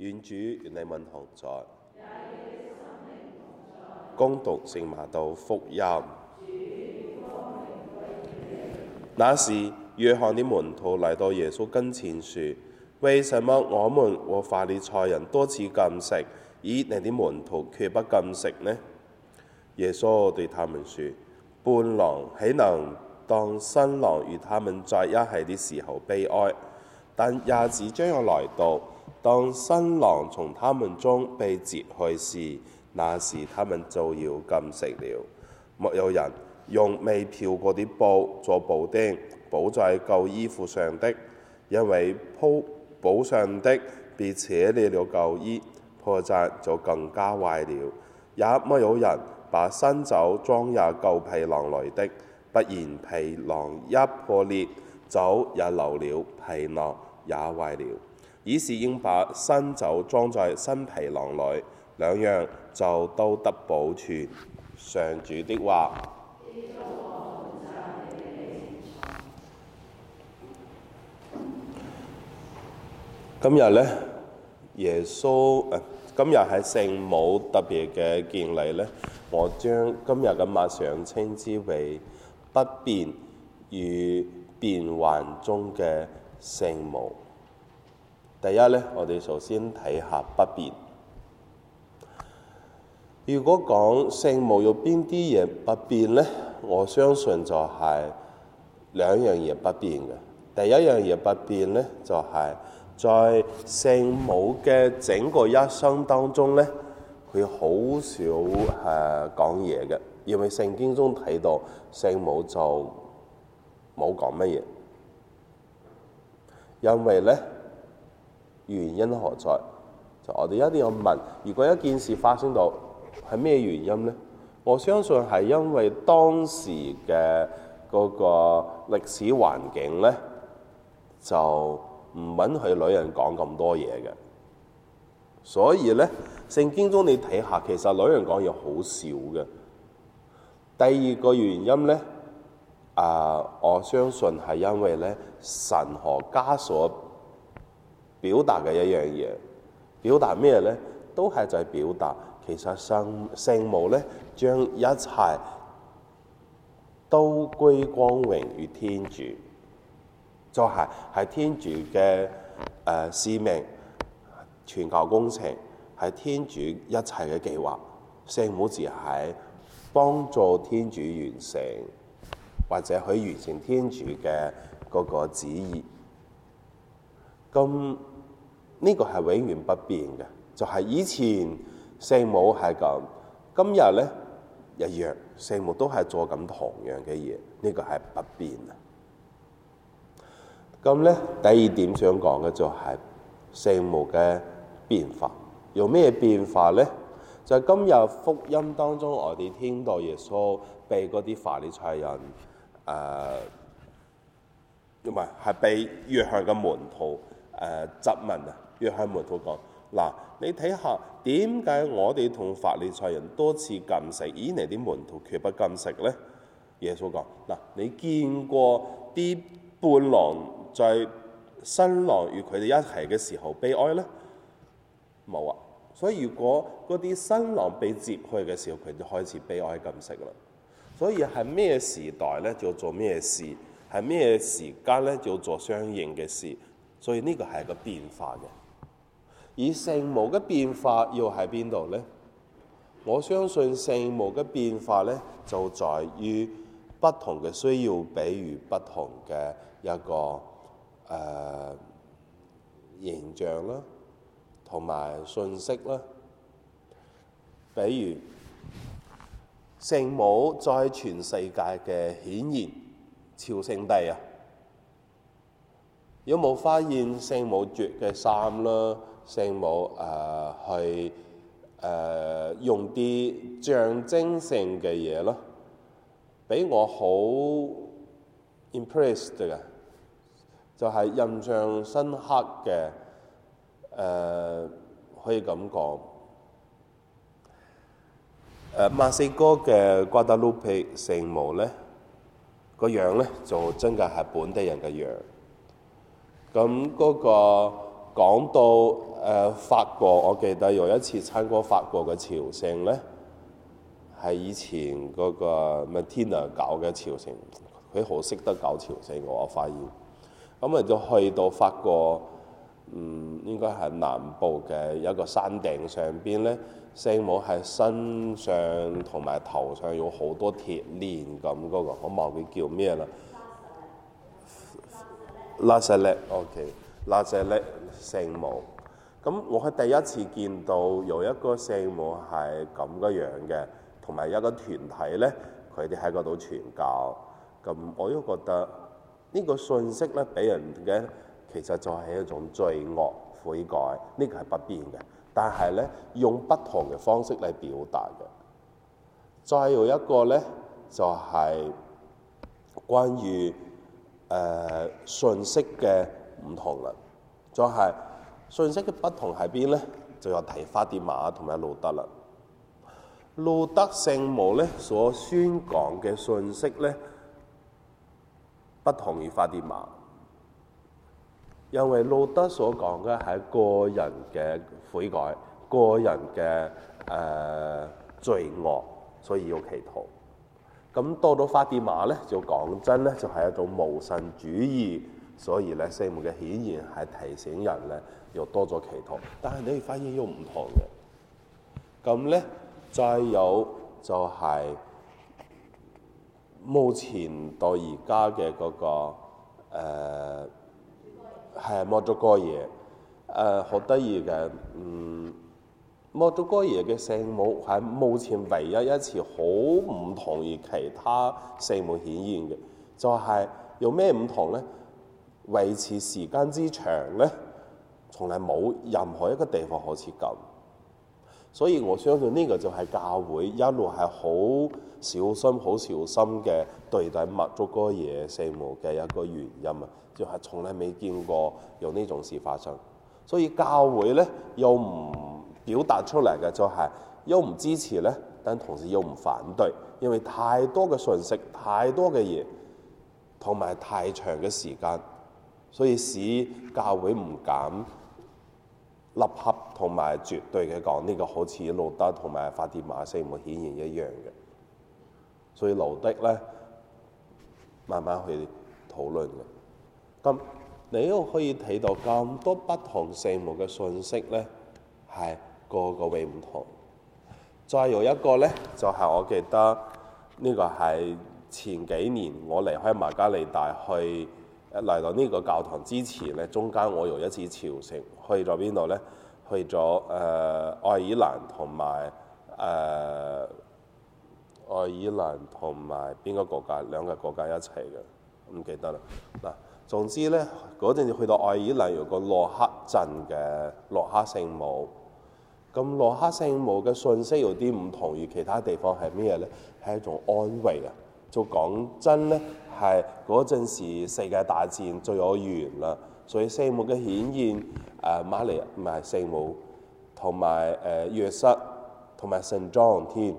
願主與你們同在，恭讀聖馬道福音。那時，約翰的門徒嚟到耶穌跟前説：為什麼我們和法利賽人多次禁食，而你啲門徒卻不禁食呢？耶穌對他們説：伴郎豈能當新郎與他們在一起的時候悲哀，但日子將要來到。當新郎從他們中被劫去時，那時他們就要禁食了。沒有人用未漂過的布做布丁，補在舊衣服上的，因為鋪補上的被扯裂了舊衣，破綻就更加壞了。也沒有人把新酒裝入舊皮囊來的，不然皮囊一破裂，酒也流了，皮囊也壞了。以是應把新酒裝在新皮囊裏，兩樣就都得保存。上主的話，今日呢，耶穌，今日係聖母特別嘅建禮呢，我將今日嘅默想稱之為不變與變幻中嘅聖母。第一呢，我哋首先睇下不變。如果講聖母有邊啲嘢不變呢？我相信就係兩樣嘢不變嘅。第一樣嘢不變呢，就係在聖母嘅整個一生當中呢，佢好少誒講嘢嘅，因為聖經中睇到聖母就冇講乜嘢，因為呢。原因何在？就我哋一定要問，如果一件事發生到，係咩原因呢？我相信係因為當時嘅嗰個歷史環境呢，就唔允許女人講咁多嘢嘅。所以呢，聖經中你睇下，其實女人講嘢好少嘅。第二個原因呢，啊、呃，我相信係因為呢，神學枷鎖。表達嘅一樣嘢，表達咩咧？都係在表達，其實聖聖母咧，將一切都歸光榮於天主，就係、是、係天主嘅誒、呃、使命，全球工程係天主一切嘅計劃，聖母字係幫助天主完成，或者佢完成天主嘅嗰個旨意。咁呢、這個係永遠不變嘅，就係、是、以前聖母係咁，今日咧一樣聖母都係做咁同樣嘅嘢，呢、這個係不變啊。咁咧第二點想講嘅就係聖母嘅變化，用咩變化咧？就係、是、今日福音當中，我哋聽到，耶、呃、穌被嗰啲法利賽人誒，唔係係被約翰嘅門徒。誒質問啊！約翰門徒講：嗱，你睇下點解我哋同法利賽人多次禁食，而你啲門徒卻不禁食咧？耶穌講：嗱，你見過啲伴郎在新郎與佢哋一齊嘅時候悲哀咧？冇啊！所以如果嗰啲新郎被接去嘅時候，佢就開始悲哀禁食啦。所以係咩時代咧就做咩事，係咩時間咧就做相應嘅事。所以呢個係個變化嘅，而聖母嘅變化又喺邊度呢？我相信聖母嘅變化呢，就在於不同嘅需要，比如不同嘅一個誒、呃、形象啦，同埋信息啦，比如聖母在全世界嘅顯現，朝聖地啊。有冇發現聖母着嘅衫啦？聖母誒去誒用啲象徵性嘅嘢咯，俾我好 impressed 嘅，就係、是、印象深刻嘅誒、呃，可以咁講。誒、呃、墨西哥嘅瓜達盧皮聖母咧，個樣咧就真嘅係本地人嘅樣。咁嗰、那個講到誒、呃、法國，我記得有一次參加法國嘅朝聖咧，係以前嗰個咩天啊搞嘅朝聖，佢好識得搞朝聖，我發現。咁咪就去到法國，嗯，應該係南部嘅一個山頂上邊咧，聖母係身上同埋頭上有好多鐵鏈咁嗰、那個，我忘記叫咩啦。La Salette，OK，La Salette 聖母。咁我係第一次見到有一個聖母係咁嘅樣嘅，同埋一個團體咧，佢哋喺嗰度傳教。咁我都覺得呢個信息咧，俾人嘅其實就係一種罪惡悔改，呢個係不變嘅。但係咧，用不同嘅方式嚟表達嘅。再有一個咧，就係關於。誒、呃、信息嘅唔同啦，再係信息嘅不同喺邊咧？就有提法蒂瑪同埋路德啦。路德聖母咧所宣講嘅信息咧，不同於法蒂瑪，因為路德所講嘅係個人嘅悔改、個人嘅誒、呃、罪惡，所以要祈禱。咁到咗發電馬咧，就講真咧，就係、是、一種無神主義，所以咧聖母嘅顯現係提醒人咧，又多咗祈禱。但係你發現又唔同嘅，咁咧再有就係、是、目前到而家嘅嗰個誒，係默主哥耶，誒，好得意嘅嗯。墨竹哥爺嘅聖母係目前唯一一次好唔同於其他聖母顯現嘅，就係有咩唔同咧？維持時間之長咧，從來冇任何一個地方好似咁，所以我相信呢個就係教會一路係好小心、好小心嘅對待墨竹哥爺聖母嘅一個原因啊！就係從來未見過有呢種事發生。所以教會咧又唔表達出嚟嘅就係、是、又唔支持咧，但同時又唔反對，因為太多嘅信息、太多嘅嘢同埋太長嘅時間，所以使教會唔敢立刻同埋絕對嘅講呢個好似路德同埋法蒂瑪聖母顯現一樣嘅，所以路德咧慢慢去討論嘅，咁。你都可以睇到咁多不同聖母嘅信息呢，係個個位唔同。再有一個呢，就係我記得呢個係前幾年我離開馬加利大去嚟到呢個教堂之前呢，中間我有一次朝聖，去咗邊度呢？去咗誒、呃、愛爾蘭同埋誒愛爾蘭同埋邊個國家，兩個國家一齊嘅，唔記得啦嗱。總之咧，嗰陣去到愛爾蘭，有個洛克鎮嘅洛克聖母。咁洛克聖母嘅信息有啲唔同於其他地方係咩咧？係一種安慰啊！就講真咧，係嗰陣時世界大戰最有緣啦。所以聖母嘅顯現，誒瑪麗唔係聖母，同埋誒約瑟，同埋聖 John 添。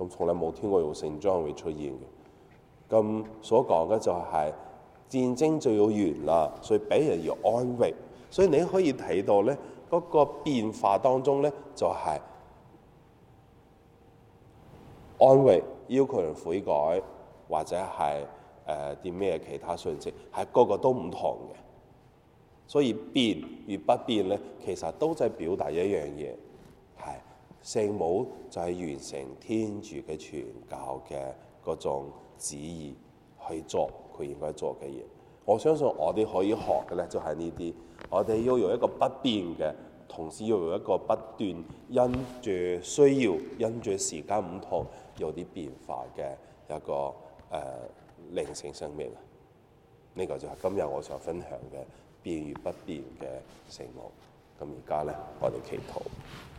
咁從來冇聽過有聖 John 會出現嘅。咁所講嘅就係、是。戰爭就要完啦，所以俾人要安慰，所以你可以睇到呢嗰個變化當中呢，就係安慰，要求人悔改，或者係誒啲咩其他信息，係個個都唔同嘅。所以變與不變呢，其實都在表達一樣嘢，係聖母就係完成天主嘅傳教嘅嗰種旨意。去做佢應該做嘅嘢，我相信我哋可以學嘅呢，就係呢啲，我哋要有一個不變嘅，同時要有一個不斷因住需要，因住時間唔同有啲變化嘅一個誒靈性生命。呢個就係今日我想分享嘅變與不變嘅承諾。咁而家呢，我哋祈禱。